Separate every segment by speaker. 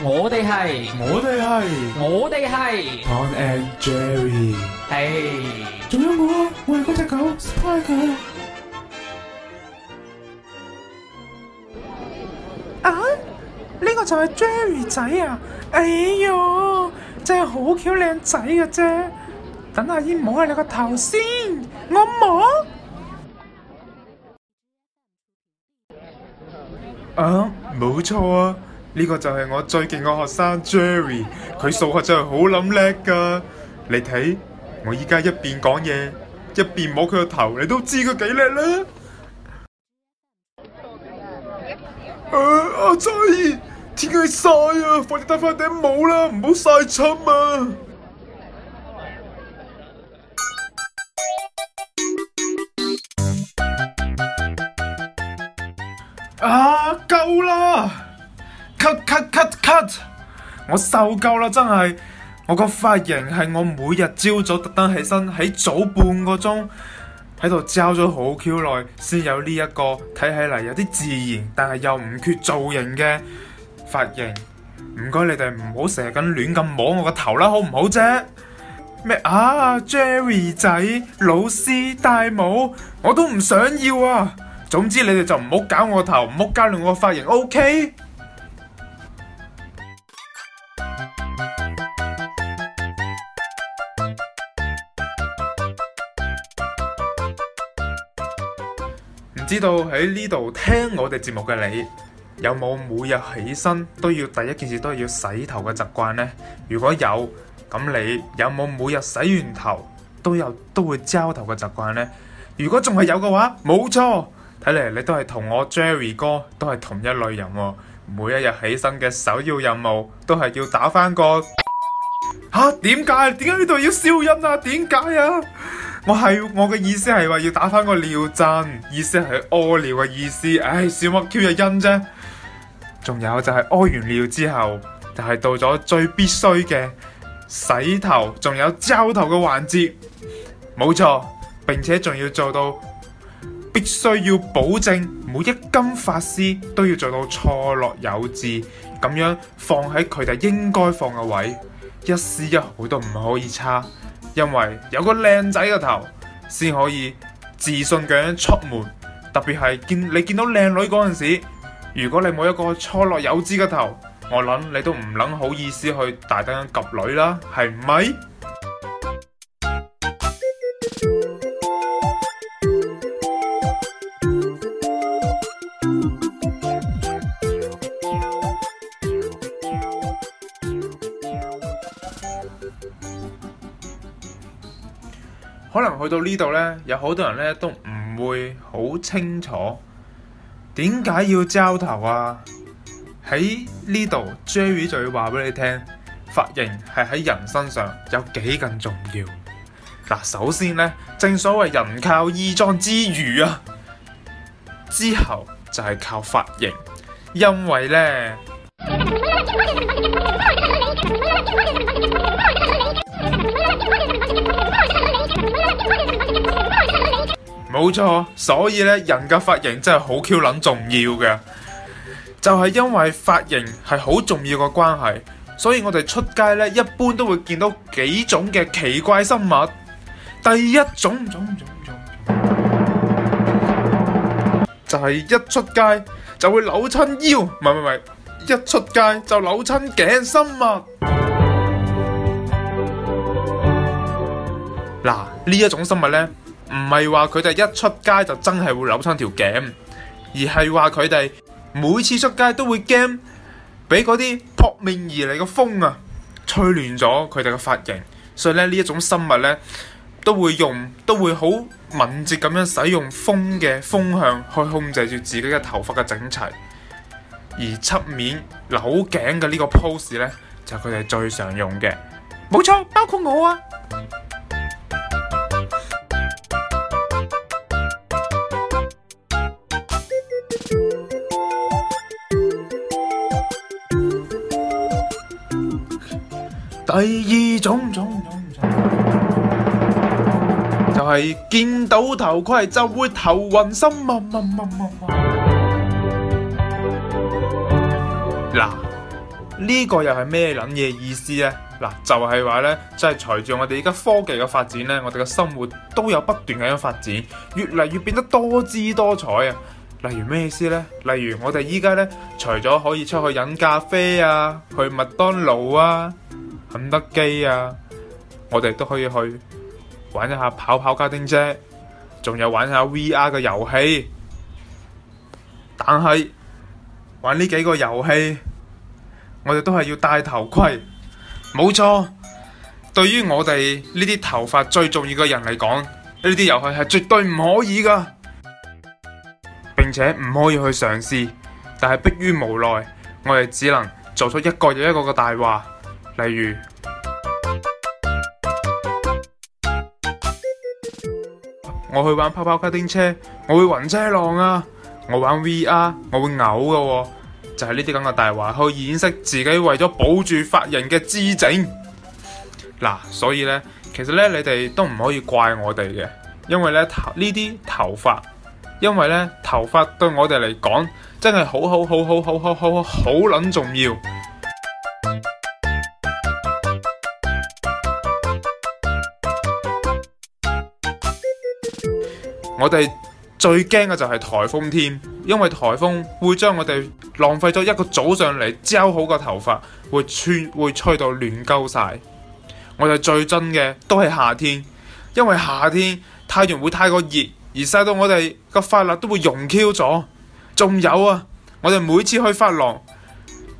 Speaker 1: 我哋係，我哋係，我哋係。Tom and Jerry，係 Hey.、啊。仲有我，我係嗰隻狗，Spy 狗。啊？呢個就係 Jerry 仔啊！哎喲，真係好巧靚仔嘅啫。等阿姨摸下你個頭先，我摸。啊，冇錯啊。呢個就係我最勁個學生 Jerry，佢數學真係好諗叻㗎。你睇，我而家一邊講嘢，一邊摸佢個頭，你都知佢幾叻啦。啊，Jerry，天氣曬啊，快啲戴翻頂帽啦，唔好曬親啊、嗯！啊，夠啦！cut cut cut cut，我受夠啦，真係我個髮型係我每日朝早特登起身喺早半個鐘喺度揸咗好 Q 耐，先有呢一個睇起嚟有啲自然，但係又唔缺造型嘅髮型。唔該，你哋唔好成日咁亂咁摸我個頭啦，好唔好啫？咩啊，Jerry 仔老師戴帽我都唔想要啊。總之你哋就唔好搞我個頭，唔好搞亂我個髮型，OK？知道喺呢度聽我哋節目嘅你，有冇每日起身都要第一件事都係要洗頭嘅習慣呢？如果有，咁你有冇每日洗完頭都有都會焦頭嘅習慣呢？如果仲係有嘅話，冇錯，睇嚟你都係同我 Jerry 哥都係同一類人喎、哦。每一日起身嘅首要任務都係要打翻個。吓，點解？點解呢度要消音啊？點解啊？我係，我嘅意思係話要打返個尿震，意思係屙尿嘅意思。唉，笑乜 Q 就因啫。仲有就係屙完尿之後，就係、是、到咗最必須嘅洗頭，仲有膠頭嘅環節。冇錯，並且仲要做到，必須要保證每一根髮絲都要做到錯落有致，咁樣放喺佢哋應該放嘅位，一絲一毫都唔可以差。因為有個靚仔嘅頭先可以自信咁樣出門，特別係見你見到靚女嗰陣時，如果你冇一個錯落有致嘅頭，我諗你都唔撚好意思去大膽咁及女啦，係咪？可能去到呢度呢，有好多人呢都唔會好清楚點解要招頭啊。喺呢度，Jerry 就要話俾你聽，髮型係喺人身上有幾咁重要。嗱，首先呢，正所謂人靠衣裝之餘啊，之後就係靠髮型，因為呢，
Speaker 2: 嗯
Speaker 1: 冇錯，所以咧，人嘅髮型真係好 Q 捻重要嘅，就係因為髮型係好重要嘅關係，所以我哋出街咧，一般都會見到幾種嘅奇怪生物。第一種種種，就係一出街就會扭親腰，唔係唔係唔係，一出街就扭親頸生物。嗱，呢一種生物咧。唔係話佢哋一出街就真係會扭親條頸，而係話佢哋每次出街都會驚俾嗰啲撲面而嚟嘅風啊吹亂咗佢哋嘅髮型，所以咧呢一種生物呢都會用都會好敏捷咁樣使用風嘅風向去控制住自己嘅頭髮嘅整齊，而側面扭頸嘅呢個 pose 呢，就係佢哋最常用嘅。冇錯，包括我啊。嗯第二種種就係見到頭盔就會頭暈心。嗱，呢個又係咩諗嘢意思咧？嗱，就係話呢，即係隨住我哋而家科技嘅發展呢，我哋嘅生活都有不斷咁樣發展，越嚟越變得多姿多彩啊。例如咩意思呢？例如我哋依家呢，除咗可以出去飲咖啡啊，去麥當勞啊。肯德基啊，我哋都可以去玩一下跑跑卡丁車，仲有玩下 VR 嘅遊戲。但係玩呢幾個遊戲，我哋都係要戴頭盔。冇錯，對於我哋呢啲頭髮最重要嘅人嚟講，呢啲遊戲係絕對唔可以噶，並且唔可以去嘗試。但係迫於無奈，我哋只能做出一個又一個嘅大話。例如，我去玩泡泡卡丁車。我會暈車浪啊！我玩 VR，我會嘔㗎喎，就係呢啲咁嘅大話去掩飾自己為咗保住髮型嘅姿整。嗱，所以呢，其實呢，你哋都唔可以怪我哋嘅，因為呢呢啲頭髮，因為呢頭髮對我哋嚟講真係好好好好好好好好好撚重要。我哋最驚嘅就係台風添，因為台風會將我哋浪費咗一個早上嚟焦好個頭髮，會吹會吹到亂鳩晒。我哋最憎嘅都係夏天，因為夏天太陽會太過熱，而晒到我哋個髮蠟都會溶 Q 咗。仲有啊，我哋每次去髮廊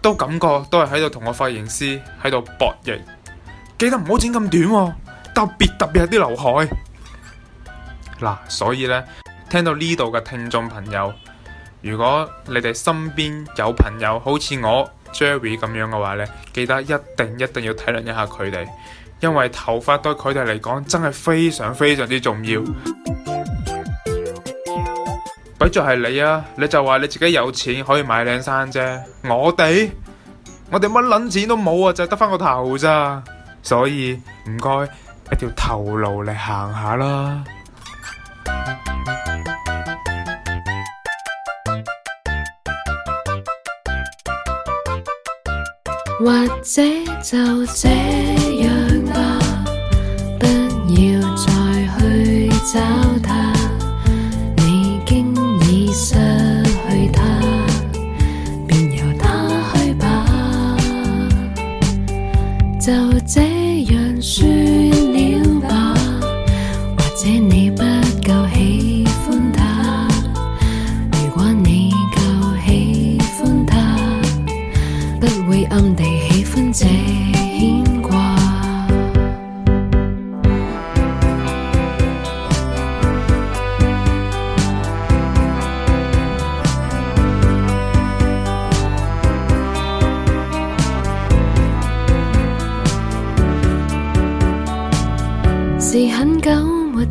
Speaker 1: 都感覺都係喺度同個髮型師喺度博弈，記得唔好剪咁短喎，特別特別係啲劉海。嗱、啊，所以呢，聽到呢度嘅聽眾朋友，如果你哋身邊有朋友好似我 Jerry 咁樣嘅話呢，記得一定一定要體諒一下佢哋，因為頭髮對佢哋嚟講真係非常非常之重要。鬼就係你啊！你就話你自己有錢可以買靚衫啫，我哋我哋乜捻錢都冇啊，就得翻個頭咋，所以唔該一條頭路嚟行下啦。
Speaker 2: 或者就這樣吧，不要再去找他。你經已失去他，便由他去吧。就這樣說。